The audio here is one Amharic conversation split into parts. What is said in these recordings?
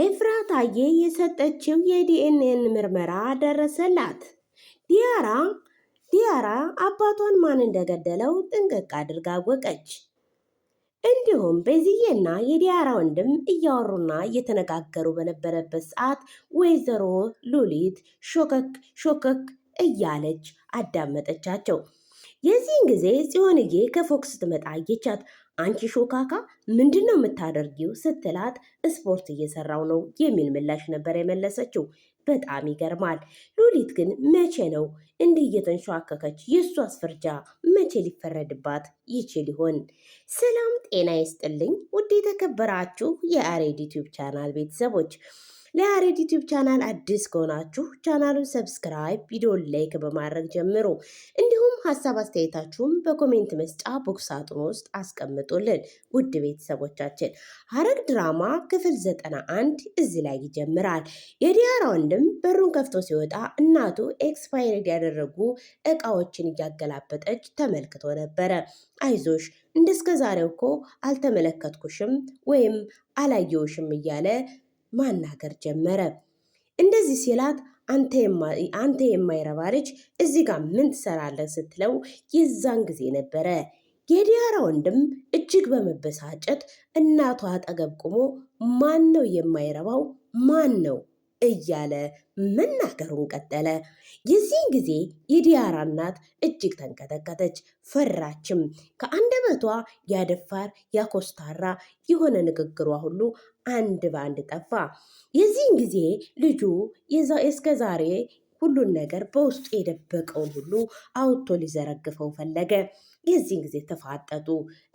ኤፍራታዬ የሰጠችው የዲኤንኤን ምርመራ ደረሰላት። ዲያራ ዲያራ አባቷን ማን እንደገደለው ጥንቅቅ አድርጋ አወቀች። እንዲሁም በዚዬና የዲያራ ወንድም እያወሩና እየተነጋገሩ በነበረበት ሰዓት ወይዘሮ ሉሊት ሾከክ ሾከክ እያለች አዳመጠቻቸው። የዚህን ጊዜ ጽዮንዬ ከፎቅ ስትመጣ አየቻት። አንቺ ሾካካ ምንድን ነው የምታደርጊው ስትላት ስፖርት እየሰራው ነው የሚል ምላሽ ነበር የመለሰችው። በጣም ይገርማል። ሉሊት ግን መቼ ነው እንዲህ እየተንሸዋከከች የእሷ አስፈርጃ መቼ ሊፈረድባት ይችል ይሆን? ሰላም ጤና ይስጥልኝ ውድ የተከበራችሁ የአሬድ ዩቲዩብ ቻናል ቤተሰቦች ለያሬድ ዩቲዩብ ቻናል አዲስ ከሆናችሁ ቻናሉን ሰብስክራይብ፣ ቪዲዮን ላይክ በማድረግ ጀምሩ። እንዲሁም ሀሳብ አስተያየታችሁን በኮሜንት መስጫ ቦክስ ሳጥን ውስጥ አስቀምጡልን። ውድ ቤተሰቦቻችን ሐረግ ድራማ ክፍል ዘጠና አንድ እዚህ ላይ ይጀምራል። የዲያራ ወንድም በሩን ከፍቶ ሲወጣ እናቱ ኤክስፓይርድ ያደረጉ እቃዎችን እያገላበጠች ተመልክቶ ነበረ። አይዞሽ እስከ ዛሬው እኮ አልተመለከትኩሽም ወይም አላየውሽም እያለ ማናገር ጀመረ። እንደዚህ ሲላት አንተ የማይረባ ልጅ እዚህ ጋር ምን ትሰራለህ ስትለው የዛን ጊዜ ነበረ የዲያራ ወንድም እጅግ በመበሳጨት እናቷ አጠገብ ቆሞ ማን ነው የማይረባው? ማን ነው እያለ መናገሩን ቀጠለ። የዚህን ጊዜ የዲያራ እናት እጅግ ተንቀጠቀጠች፣ ፈራችም። ከአንደበቷ ያደፋር ያኮስታራ የሆነ ንግግሯ ሁሉ አንድ በአንድ ጠፋ። የዚህን ጊዜ ልጁ እስከዛሬ ሁሉን ነገር በውስጡ የደበቀውን ሁሉ አውጥቶ ሊዘረግፈው ፈለገ። የዚህን ጊዜ ተፋጠጡ።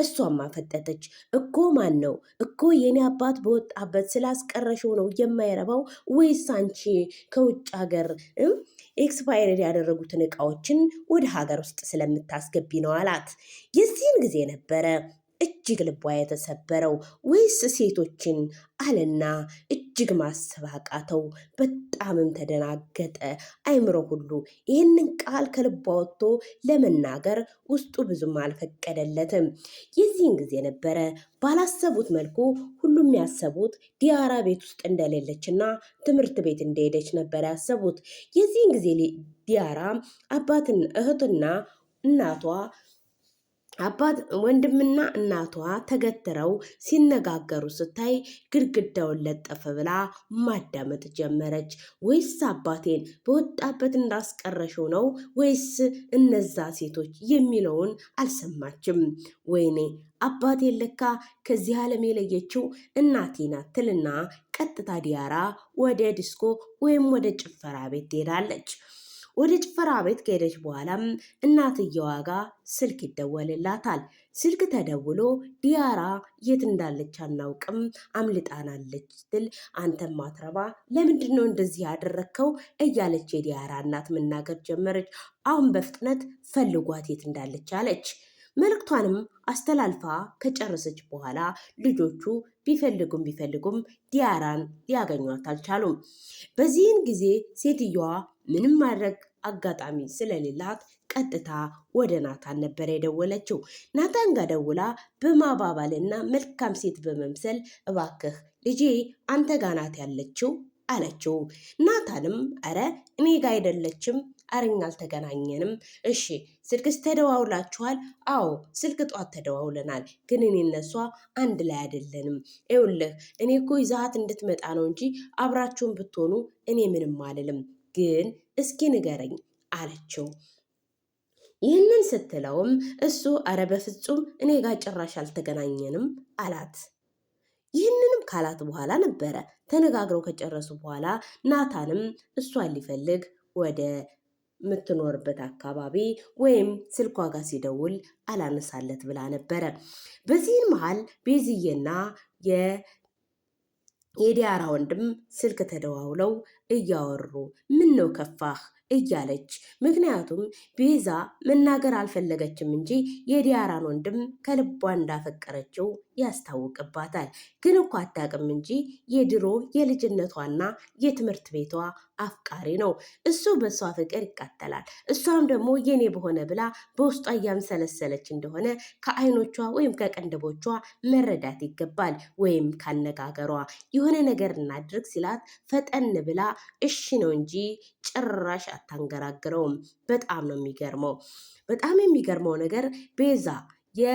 እሷም አፈጠጠች። እኮ ማን ነው እኮ የኔ አባት በወጣበት ስላስቀረሽው ነው የማይረባው ወይስ አንቺ ከውጭ ሀገር ኤክስፓይረድ ያደረጉትን እቃዎችን ወደ ሀገር ውስጥ ስለምታስገቢ ነው አላት። የዚህን ጊዜ ነበረ እጅግ ልቧ የተሰበረው። ወይስ ሴቶችን አለና እጅግ ማሰብ አቃተው። በጣምም ተደናገጠ አይምሮ ሁሉ። ይህንን ቃል ከልቡ አወጥቶ ለመናገር ውስጡ ብዙም አልፈቀደለትም። የዚህን ጊዜ ነበረ ባላሰቡት መልኩ ሁሉም ያሰቡት ዲያራ ቤት ውስጥ እንደሌለችና ትምህርት ቤት እንደሄደች ነበር ያሰቡት። የዚህን ጊዜ ዲያራ አባትን እህትና እናቷ አባት ወንድምና እናቷ ተገትረው ሲነጋገሩ ስታይ ግድግዳውን ለጠፈ ብላ ማዳመጥ ጀመረች። ወይስ አባቴን በወጣበት እንዳስቀረሽው ነው ወይስ እነዛ ሴቶች የሚለውን አልሰማችም። ወይኔ አባቴን ለካ ከዚህ ዓለም የለየችው እናቴ ናት ትልና ቀጥታ ዲያራ ወደ ዲስኮ ወይም ወደ ጭፈራ ቤት ትሄዳለች። ወደ ጭፈራ ቤት ከሄደች በኋላም እናትየዋ ጋር ስልክ ይደወልላታል። ስልክ ተደውሎ ዲያራ የት እንዳለች አናውቅም፣ አምልጣናለች ስትል አንተ ማትረባ ለምንድን ነው እንደዚህ ያደረግከው እያለች የዲያራ እናት መናገር ጀመረች። አሁን በፍጥነት ፈልጓት የት እንዳለች አለች። መልእክቷንም አስተላልፋ ከጨረሰች በኋላ ልጆቹ ቢፈልጉም ቢፈልጉም ዲያራን ሊያገኟት አልቻሉም። በዚህን ጊዜ ሴትየዋ ምንም ማድረግ አጋጣሚ ስለሌላት ቀጥታ ወደ ናታን ነበር የደወለችው። ናታን ጋር ደውላ በማባባልና መልካም ሴት በመምሰል እባክህ ልጄ አንተ ጋናት ናት ያለችው አለችው። ናታንም አረ እኔ ጋ አይደለችም፣ አረኛ አልተገናኘንም። እሺ ስልክስ ተደዋውላችኋል? አዎ ስልክ ጧት ተደዋውለናል፣ ግን እኔ እነሷ አንድ ላይ አይደለንም። ይኸውልህ እኔ እኮ ይዛት እንድትመጣ ነው እንጂ አብራችሁን ብትሆኑ እኔ ምንም አልልም ግን እስኪ ንገረኝ አለችው። ይህንን ስትለውም እሱ አረ በፍጹም እኔ ጋር ጭራሽ አልተገናኘንም አላት። ይህንንም ካላት በኋላ ነበረ ተነጋግረው ከጨረሱ በኋላ ናታንም እሷን ሊፈልግ ወደ የምትኖርበት አካባቢ ወይም ስልኳ ጋር ሲደውል አላነሳለት ብላ ነበረ። በዚህን መሀል ቤዝዬና የዲያራ ወንድም ስልክ ተደዋውለው እያወሩ ምን ነው ከፋህ እያለች ምክንያቱም ቤዛ መናገር አልፈለገችም እንጂ የዲያራን ወንድም ከልቧ እንዳፈቀረችው ያስታውቅባታል። ግን እኮ አታውቅም እንጂ የድሮ የልጅነቷና የትምህርት ቤቷ አፍቃሪ ነው። እሱ በእሷ ፍቅር ይቃጠላል፣ እሷም ደግሞ የኔ በሆነ ብላ በውስጧ እያምሰለሰለች እንደሆነ ከአይኖቿ ወይም ከቀንድቦቿ መረዳት ይገባል። ወይም ካነጋገሯ የሆነ ነገር እናድርግ ሲላት ፈጠን ብላ እሺ ነው እንጂ ጭራሽ አታንገራግረውም። በጣም ነው የሚገርመው። በጣም የሚገርመው ነገር ቤዛ የ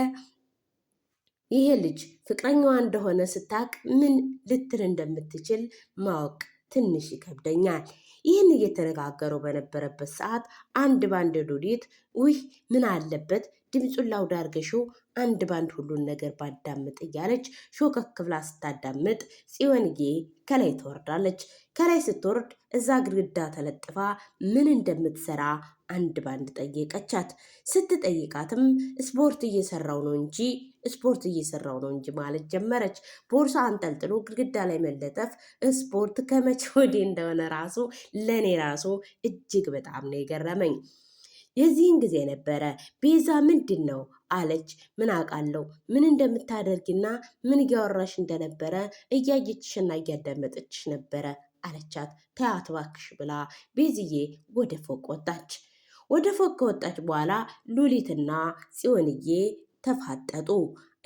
ይሄ ልጅ ፍቅረኛዋ እንደሆነ ስታቅ ምን ልትል እንደምትችል ማወቅ ትንሽ ይከብደኛል። ይህን እየተነጋገሩ በነበረበት ሰዓት አንድ ባንድ ዱዲት ውህ ምን አለበት ድምፁን ላውድ አንድ ባንድ ሁሉን ነገር ባዳምጥ እያለች ሾከክ ብላ ስታዳምጥ ጽዮንዬ ከላይ ትወርዳለች። ከላይ ስትወርድ እዛ ግድግዳ ተለጥፋ ምን እንደምትሰራ አንድ ባንድ ጠየቀቻት። ስትጠይቃትም ስፖርት እየሰራው ነው እንጂ ስፖርት እየሰራው ነው እንጂ ማለት ጀመረች። ቦርሳ አንጠልጥሎ ግድግዳ ላይ መለጠፍ ስፖርት ከመቼ ወዴ እንደሆነ ራሱ ለእኔ ራሱ እጅግ በጣም ነው የገረመኝ። የዚህን ጊዜ ነበረ ቤዛ ምንድን ነው አለች። ምን አውቃለሁ ምን እንደምታደርግና ምን እያወራሽ እንደነበረ እያየችሽና እያዳመጠችሽ ነበረ አለቻት። ተያት እባክሽ ብላ ቤዝዬ ወደ ፎቅ ወጣች። ወደ ፎቅ ከወጣች በኋላ ሉሊትና ጽዮንዬ ተፋጠጡ።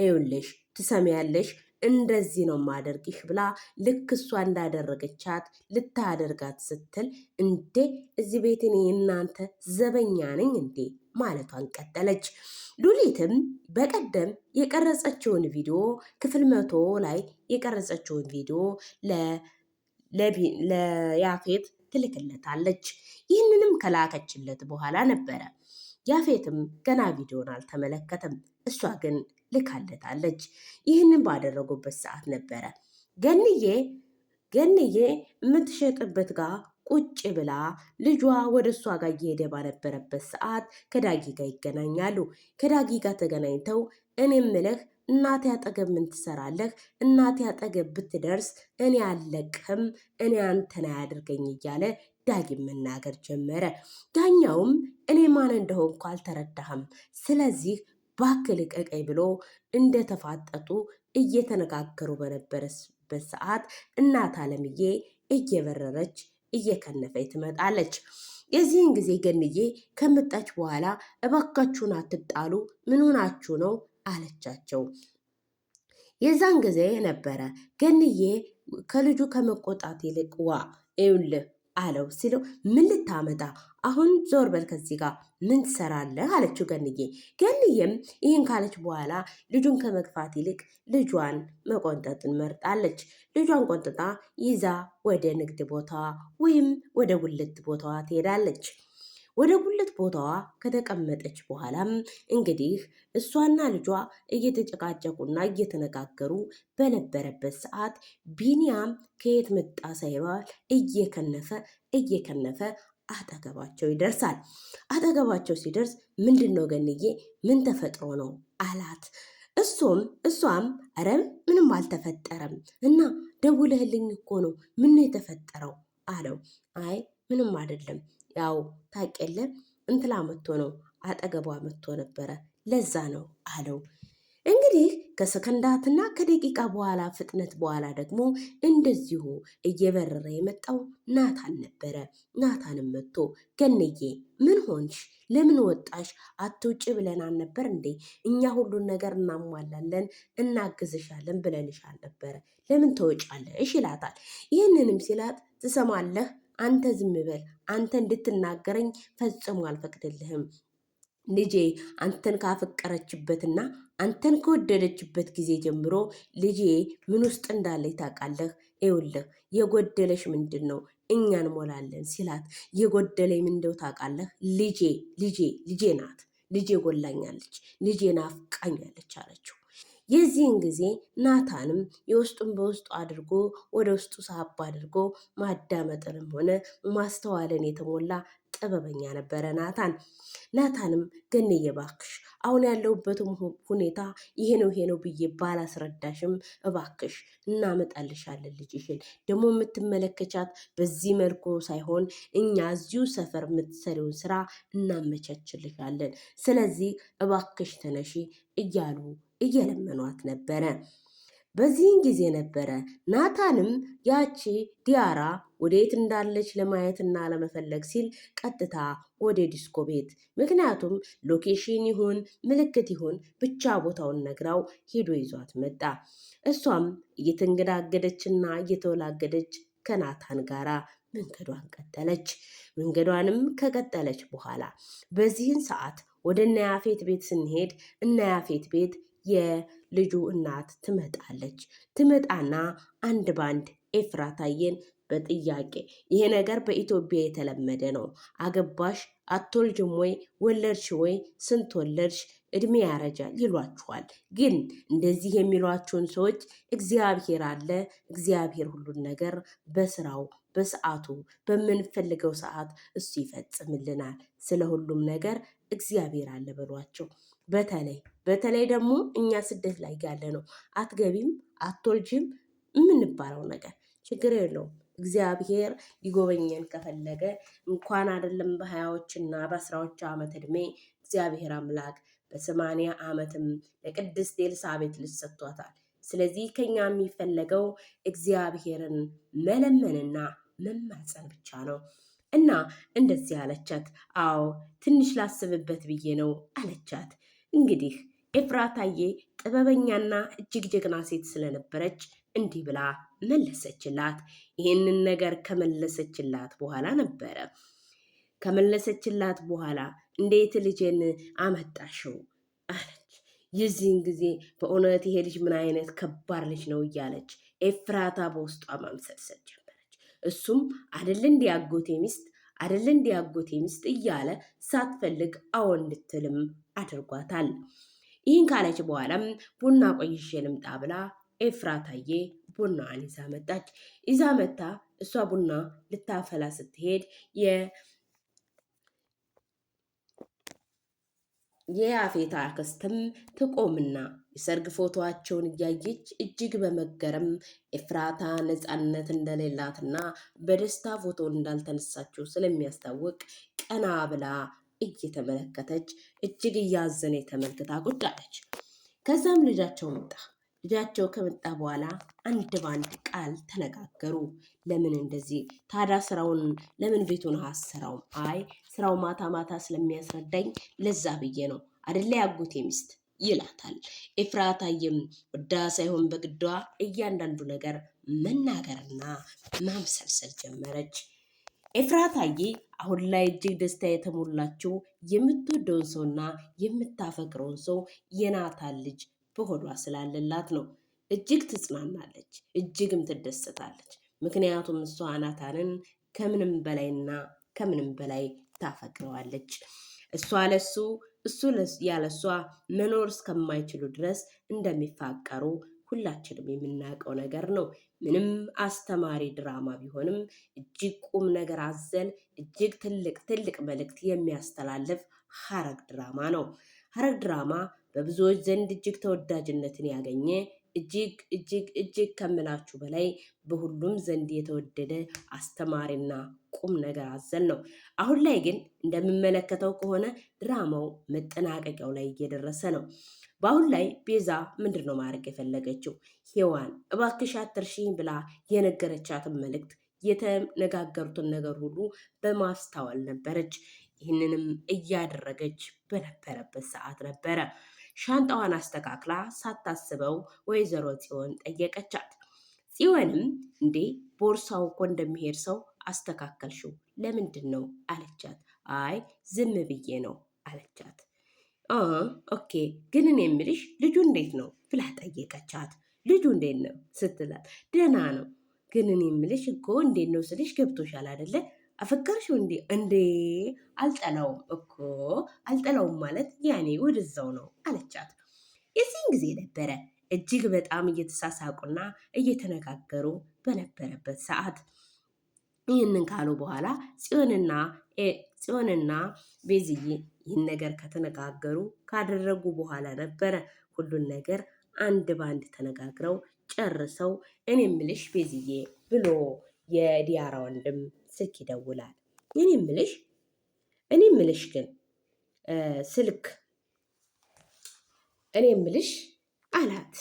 እዩልሽ ትሰሚያለሽ እንደዚህ ነው ማደርግሽ ብላ ልክ እሷ እንዳደረገቻት ልታደርጋት ስትል እንዴ እዚህ ቤት እኔ እናንተ ዘበኛ ነኝ እንዴ ማለቷን ቀጠለች። ሉሊትም በቀደም የቀረጸችውን ቪዲዮ ክፍል መቶ ላይ የቀረጸችውን ቪዲዮ ለያፌት ትልክለታለች። ይህንንም ከላከችለት በኋላ ነበረ ያፌትም ገና ቪዲዮን አልተመለከተም። እሷ ግን ልካለታለች። ይህንን ባደረጉበት ሰዓት ነበረ ገንዬ ገንዬ የምትሸጥበት ጋር ቁጭ ብላ ልጇ ወደ እሷ ጋር እየሄደ ባነበረበት ሰዓት ከዳጊ ጋር ይገናኛሉ። ከዳጊ ጋር ተገናኝተው እኔ ምልህ እናቴ አጠገብ ምን ትሰራለህ? እናቴ አጠገብ ብትደርስ እኔ አለቅህም እኔ አንተን አያደርገኝ እያለ ዳጊ መናገር ጀመረ። ዳኛውም እኔ ማን እንደሆንኩ አልተረዳህም፣ ስለዚህ ባክል ቀቀይ ብሎ እንደተፋጠጡ እየተነጋገሩ በነበረበት ሰዓት እናት አለምዬ እየበረረች እየከነፈ ትመጣለች። የዚህን ጊዜ ገንዬ ከመጣች በኋላ እባካችሁን አትጣሉ፣ ምን ሆናችሁ ነው አለቻቸው። የዛን ጊዜ ነበረ ገንዬ ከልጁ ከመቆጣት ይልቅ ዋ ይኸውልህ አለው ሲለው ምን ልታመጣ አሁን ዞር በል ከዚህ ጋር ምን ትሰራለህ? አለችው ገንዬ። ገንዬም ይህን ካለች በኋላ ልጁን ከመግፋት ይልቅ ልጇን መቆንጠጥን መርጣለች። ልጇን ቆንጥጣ ይዛ ወደ ንግድ ቦታዋ ወይም ወደ ውልት ቦታዋ ትሄዳለች። ወደ ጉልት ቦታዋ ከተቀመጠች በኋላም እንግዲህ እሷና ልጇ እየተጨቃጨቁና እየተነጋገሩ በነበረበት ሰዓት ቢኒያም ከየት መጣ ሳይባል እየከነፈ እየከነፈ አጠገባቸው ይደርሳል። አጠገባቸው ሲደርስ ምንድን ነው ገንዬ፣ ምን ተፈጥሮ ነው አላት። እሱም እሷም ኧረ ምንም አልተፈጠረም እና ደውለህልኝ እኮ ነው ምን የተፈጠረው አለው። አይ ምንም አይደለም ያው ታቀለ እንትላ መጥቶ ነው አጠገቧ መጥቶ ነበረ ለዛ ነው አለው። እንግዲህ ከሰከንዳትና ከደቂቃ በኋላ ፍጥነት በኋላ ደግሞ እንደዚሁ እየበረረ የመጣው ናታን ነበረ። ናታንም መጥቶ ገነዬ ምን ሆንሽ? ለምን ወጣሽ? አትውጭ ብለን አልነበር እንዴ? እኛ ሁሉን ነገር እናሟላለን እናግዝሻለን ብለንሽ አልነበረ? ለምን ትወጫለሽ? ይላታል። ይህንንም ሲላት ትሰማለህ አንተ ዝም በል አንተ እንድትናገረኝ ፈጽሞ አልፈቅድልህም። ልጄ አንተን ካፈቀረችበትና አንተን ከወደደችበት ጊዜ ጀምሮ ልጄ ምን ውስጥ እንዳለች ታውቃለህ። ይኸውልህ የጎደለሽ ምንድን ነው? እኛ እንሞላለን ሲላት የጎደለኝ ምንደው ታውቃለህ? ልጄ ልጄ ልጄ ናት። ልጄ ጎላኛለች፣ ልጄ ናፍቃኛለች አለችው። የዚህን ጊዜ ናታንም የውስጡን በውስጡ አድርጎ ወደ ውስጡ ሳብ አድርጎ ማዳመጥንም ሆነ ማስተዋልን የተሞላ ጥበበኛ ነበረ ናታን። ናታንም ገንዬ እባክሽ አሁን ያለሁበትም ሁኔታ ይሄ ነው ይሄ ነው ብዬ ባላስረዳሽም እባክሽ እናመጣልሻለን ልጅሽን። ደግሞ የምትመለከቻት በዚህ መልኩ ሳይሆን እኛ እዚሁ ሰፈር የምትሰሪውን ስራ እናመቻችልሻለን። ስለዚህ እባክሽ ተነሺ እያሉ እየለመኗት ነበረ። በዚህን ጊዜ ነበረ ናታንም ያቺ ዲያራ ወዴት እንዳለች ለማየትና ለመፈለግ ሲል ቀጥታ ወደ ዲስኮ ቤት፣ ምክንያቱም ሎኬሽን ይሁን ምልክት ይሁን ብቻ ቦታውን ነግራው ሄዶ ይዟት መጣ። እሷም እየተንገዳገደችና እየተወላገደች ከናታን ጋራ መንገዷን ቀጠለች። መንገዷንም ከቀጠለች በኋላ በዚህን ሰዓት ወደ እነ ያፌት ቤት ስንሄድ እነ ያፌት ቤት የልጁ እናት ትመጣለች። ትመጣና አንድ ባንድ ኤፍራታዬን በጥያቄ ይሄ ነገር በኢትዮጵያ የተለመደ ነው። አገባሽ አትወልጅም ወይ? ወለድሽ ወይ? ስንት ወለድሽ? እድሜ ያረጃል ይሏችኋል። ግን እንደዚህ የሚሏችሁን ሰዎች እግዚአብሔር አለ። እግዚአብሔር ሁሉን ነገር በስራው በሰዓቱ በምንፈልገው ሰዓት እሱ ይፈጽምልናል። ስለ ሁሉም ነገር እግዚአብሔር አለ በሏቸው። በተለይ በተለይ ደግሞ እኛ ስደት ላይ ያለ ነው አትገቢም አቶልጅም የምንባለው ነገር ችግር የለውም። እግዚአብሔር ይጎበኘን ከፈለገ እንኳን አይደለም በሀያዎችና በአስራዎች ዓመት እድሜ እግዚአብሔር አምላክ በሰማንያ ዓመትም ለቅድስት ኤልሳቤት ልጅ ሰጥቷታል። ስለዚህ ከኛ የሚፈለገው እግዚአብሔርን መለመንና መማፀን ብቻ ነው እና እንደዚህ አለቻት። አዎ ትንሽ ላስብበት ብዬ ነው አለቻት። እንግዲህ ኤፍራታዬ ጥበበኛና እጅግ ጀግና ሴት ስለነበረች እንዲህ ብላ መለሰችላት። ይህንን ነገር ከመለሰችላት በኋላ ነበረ ከመለሰችላት በኋላ እንዴት ልጄን አመጣሽው አለች። የዚህን ጊዜ በእውነት ይሄ ልጅ ምን አይነት ከባድ ልጅ ነው እያለች ኤፍራታ በውስጧ ማምሰልሰል ጀመረች። እሱም አደል እንዲ ያጎቴ ሚስት አደል እንዲ ያጎቴ ሚስት እያለ ሳትፈልግ አዎ እንድትልም አድርጓታል። ይህን ካለች በኋላም ቡና ቆይሼ ልምጣ ብላ ኤፍራታዬ ቡናዋን ይዛ መጣች። ይዛ መታ እሷ ቡና ልታፈላ ስትሄድ የያፌት አክስትም ትቆምና የሰርግ ፎቶዋቸውን እያየች እጅግ በመገረም ኤፍራታ ነፃነት እንደሌላትና በደስታ ፎቶ እንዳልተነሳችው ስለሚያስታውቅ ቀና ብላ እየተመለከተች እጅግ እያዘነ የተመልክታ ቁጭ አለች። ከዛም ልጃቸው መጣ። ልጃቸው ከመጣ በኋላ አንድ በአንድ ቃል ተነጋገሩ። ለምን እንደዚህ ታዲያ ስራውን ለምን ቤቱን አሰራውም? አይ ስራው ማታ ማታ ስለሚያስረዳኝ ለዛ ብዬ ነው አደለ ያጎቴ ሚስት ይላታል። ኤፍራታዬም ወዳ ሳይሆን በግዷ እያንዳንዱ ነገር መናገርና ማምሰልሰል ጀመረች። ኤፍራታዬ አሁን ላይ እጅግ ደስታ የተሞላችው የምትወደውን ሰውና የምታፈቅረውን ሰው የናታን ልጅ በሆዷ ስላለላት ነው። እጅግ ትጽናናለች፣ እጅግም ትደሰታለች። ምክንያቱም እሷ ናታንን ከምንም በላይና ከምንም በላይ ታፈቅረዋለች። እሷ ለሱ እሱ ያለሷ መኖር እስከማይችሉ ድረስ እንደሚፋቀሩ ሁላችንም የምናውቀው ነገር ነው። ምንም አስተማሪ ድራማ ቢሆንም እጅግ ቁም ነገር አዘል እጅግ ትልቅ ትልቅ መልእክት የሚያስተላልፍ ሐረግ ድራማ ነው። ሐረግ ድራማ በብዙዎች ዘንድ እጅግ ተወዳጅነትን ያገኘ እጅግ እጅግ እጅግ ከምላችሁ በላይ በሁሉም ዘንድ የተወደደ አስተማሪና ቁም ነገር አዘል ነው። አሁን ላይ ግን እንደምመለከተው ከሆነ ድራማው መጠናቀቂያው ላይ እየደረሰ ነው። በአሁን ላይ ቤዛ ምንድን ነው ማድረግ የፈለገችው? ሔዋን እባክሽ አትርሺኝ ብላ የነገረቻትን መልእክት የተነጋገሩትን ነገር ሁሉ በማስታወል ነበረች። ይህንንም እያደረገች በነበረበት ሰዓት ነበረ ሻንጣዋን አስተካክላ ሳታስበው ወይዘሮ ጽዮን ጠየቀቻት። ጽዮንም እንዴ ቦርሳው እኮ እንደሚሄድ ሰው አስተካከልሽው ለምንድን ነው አለቻት። አይ ዝም ብዬ ነው አለቻት። ኦኬ ግን እኔ የምልሽ ልጁ እንዴት ነው ብላ ጠየቀቻት። ልጁ እንዴት ነው ስትላት ደህና ነው፣ ግን እኔ የምልሽ እኮ እንዴት ነው ስልሽ ገብቶሻል አይደለ አፈቀርሽው እንዴ? እንዴ አልጠላውም እኮ አልጠላውም ማለት ያኔ ወደዛው ነው አለቻት። የዚህን ጊዜ ነበረ እጅግ በጣም እየተሳሳቁና እየተነጋገሩ በነበረበት ሰዓት ይህንን ካሉ በኋላ ጽዮንና ጽዮንና ቤዝዬ ይህን ነገር ከተነጋገሩ ካደረጉ በኋላ ነበረ ሁሉን ነገር አንድ በአንድ ተነጋግረው ጨርሰው እኔ ምልሽ ቤዝዬ ብሎ የዲያራ ወንድም ስልክ ይደውላል። እኔ ምልሽ እኔ ምልሽ ግን ስልክ እኔ ምልሽ አላት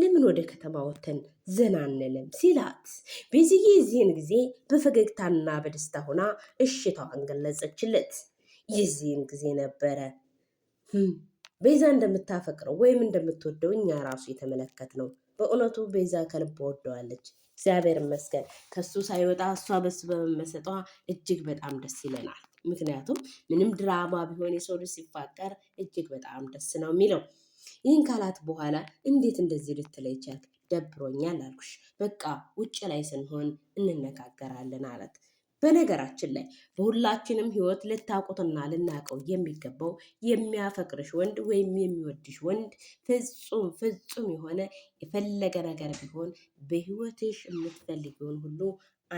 ለምን ወደ ከተማ ወተን ዘና አንልም ሲላት ቤዝዬ የዚህን ጊዜ በፈገግታና በደስታ ሆና እሽታዋን ገለጸችለት። የዚህን ጊዜ ነበረ ቤዛ እንደምታፈቅረው ወይም እንደምትወደው እኛ ራሱ የተመለከት ነው። በእውነቱ ቤዛ ከልብ ወደዋለች። እግዚአብሔር ይመስገን። ከሱ ሳይወጣ እሷ በሱ በመመሰጧ እጅግ በጣም ደስ ይለናል። ምክንያቱም ምንም ድራማ ቢሆን የሰው ልጅ ሲፋቀር እጅግ በጣም ደስ ነው የሚለው። ይህን ካላት በኋላ እንዴት እንደዚህ ልትለይ ቻልክ? ደብሮኛል አልኩሽ። በቃ ውጭ ላይ ስንሆን እንነጋገራለን አለት። በነገራችን ላይ በሁላችንም ህይወት ልታውቁትና ልናውቀው የሚገባው የሚያፈቅርሽ ወንድ ወይም የሚወድሽ ወንድ ፍጹም ፍጹም የሆነ የፈለገ ነገር ቢሆን በህይወትሽ የምትፈልጊውን ሁሉ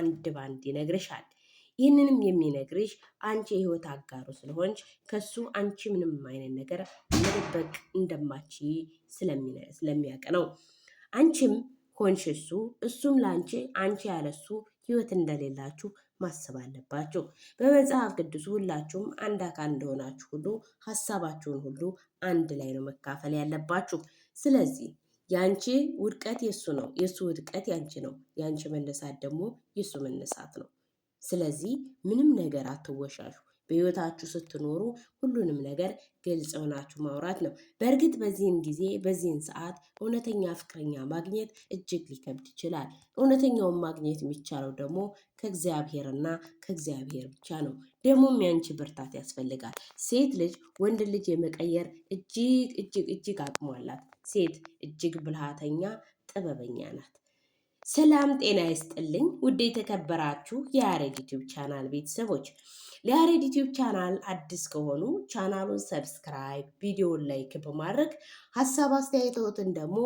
አንድ ባንድ ይነግርሻል። ይህንንም የሚነግርሽ አንቺ የህይወት አጋሩ ስለሆንች ከሱ አንቺ ምንም አይነት ነገር መደበቅ እንደማች ስለሚያውቅ ነው። አንቺም ሆንሽ እሱ እሱም ለአንቺ አንቺ ያለሱ ህይወት እንደሌላችሁ ማሰብ አለባችሁ። በመጽሐፍ ቅዱስ ሁላችሁም አንድ አካል እንደሆናችሁ ሁሉ ሀሳባችሁን ሁሉ አንድ ላይ ነው መካፈል ያለባችሁ። ስለዚህ ያንቺ ውድቀት የሱ ነው፣ የሱ ውድቀት ያንቺ ነው፣ ያንቺ መነሳት ደግሞ የሱ መነሳት ነው። ስለዚህ ምንም ነገር አትወሻሹ። በህይወታችሁ ስትኖሩ ሁሉንም ነገር ግልጽ ሆናችሁ ማውራት ነው። በእርግጥ በዚህን ጊዜ በዚህን ሰዓት እውነተኛ ፍቅረኛ ማግኘት እጅግ ሊከብድ ይችላል። እውነተኛውን ማግኘት የሚቻለው ደግሞ ከእግዚአብሔርና ከእግዚአብሔር ብቻ ነው። ደግሞም ያንቺ ብርታት ያስፈልጋል። ሴት ልጅ ወንድ ልጅ የመቀየር እጅግ እጅግ እጅግ አቅሟላት። ሴት እጅግ ብልሃተኛ ጥበበኛ ናት። ሰላም ጤና ይስጥልኝ። ውድ የተከበራችሁ የያሬድ ዩቲዩብ ቻናል ቤተሰቦች፣ ለያሬድ ዩቲዩብ ቻናል አዲስ ከሆኑ ቻናሉን ሰብስክራይብ፣ ቪዲዮን ላይክ በማድረግ ሀሳብ አስተያየቶትን ደግሞ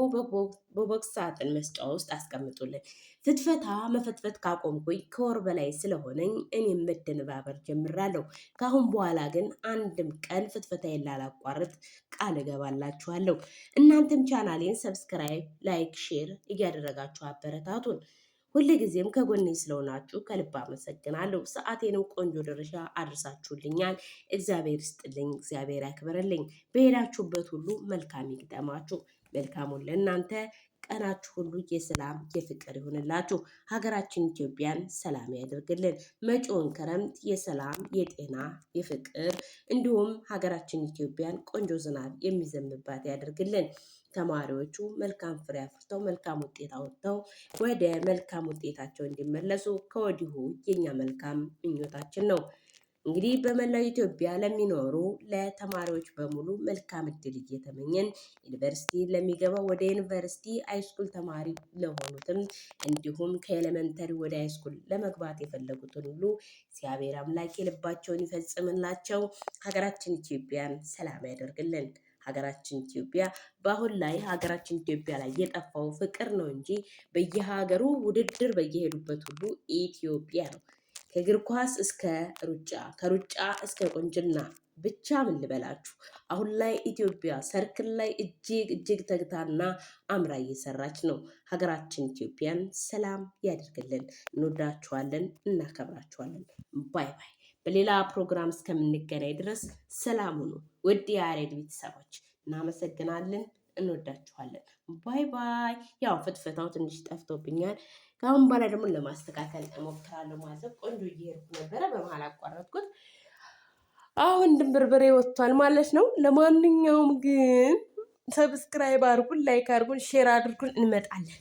በቦክስ ሳጥን መስጫ ውስጥ አስቀምጡልን። ፍትፈታ መፈትፈት ካቆምኩኝ ከወር በላይ ስለሆነኝ እኔም መደነባበር ጀምራለሁ። ከአሁን በኋላ ግን አንድም ቀን ፍትፈታ ላላቋርጥ ቃል እገባላችኋለሁ። እናንተም ቻናሌን ሰብስክራይብ፣ ላይክ፣ ሼር እያደረጋችሁ አበረታ አበረታቱን። ጊዜም ከጎኔ ስለሆናችሁ ከልብ አመሰግናለሁ። ሰዓቴንም ቆንጆ ደረሻ አድርሳችሁልኛል። እግዚአብሔር ይስጥልኝ፣ እግዚአብሔር ያክብርልኝ። በሄዳችሁበት ሁሉ መልካም ይግጠማችሁ። መልካሙን ለእናንተ ቀናችሁ ሁሉ የሰላም የፍቅር ይሁንላችሁ። ሀገራችን ኢትዮጵያን ሰላም ያደርግልን። መጪውን ክረምት የሰላም የጤና የፍቅር እንዲሁም ሀገራችን ኢትዮጵያን ቆንጆ ዝናብ የሚዘምባት ያደርግልን። ተማሪዎቹ መልካም ፍሬ አፍርተው መልካም ውጤት አውጥተው ወደ መልካም ውጤታቸው እንዲመለሱ ከወዲሁ የኛ መልካም ምኞታችን ነው። እንግዲህ በመላው ኢትዮጵያ ለሚኖሩ ለተማሪዎች በሙሉ መልካም እድል እየተመኘን ዩኒቨርሲቲ ለሚገባው ወደ ዩኒቨርሲቲ ሃይስኩል ተማሪ ለሆኑትም እንዲሁም ከኤሌመንተሪ ወደ ሃይስኩል ለመግባት የፈለጉትን ሁሉ እግዚአብሔር አምላክ የልባቸውን ይፈጽምላቸው። ሀገራችን ኢትዮጵያን ሰላም ያደርግልን። ሀገራችን ኢትዮጵያ በአሁን ላይ ሀገራችን ኢትዮጵያ ላይ የጠፋው ፍቅር ነው እንጂ በየሀገሩ ውድድር በየሄዱበት ሁሉ ኢትዮጵያ ነው። ከእግር ኳስ እስከ ሩጫ ከሩጫ እስከ ቁንጅና ብቻ ምን ልበላችሁ አሁን ላይ ኢትዮጵያ ሰርክል ላይ እጅግ እጅግ ተግታና አምራ እየሰራች ነው። ሀገራችን ኢትዮጵያን ሰላም ያደርግልን። እንወዳችኋለን፣ እናከብራችኋለን። ባይ ባይ። በሌላ ፕሮግራም እስከምንገናኝ ድረስ ሰላም ሁኑ። ውድ የአሬድ ቤተሰቦች እናመሰግናለን። እንወዳችኋለን። ባይ ባይ። ያው ፍትፍታው ትንሽ ጠፍቶብኛል። ከአሁን በኋላ ደግሞ ለማስተካከል እሞክራለሁ ማለት ነው። ቆንጆ እየሄድኩ ነበረ፣ በመሀል አቋረጥኩት። አሁን ድንብርብሬ ወጥቷል ማለት ነው። ለማንኛውም ግን ሰብስክራይብ አድርጉን፣ ላይክ አድርጉን፣ ሼር አድርጉን። እንመጣለን።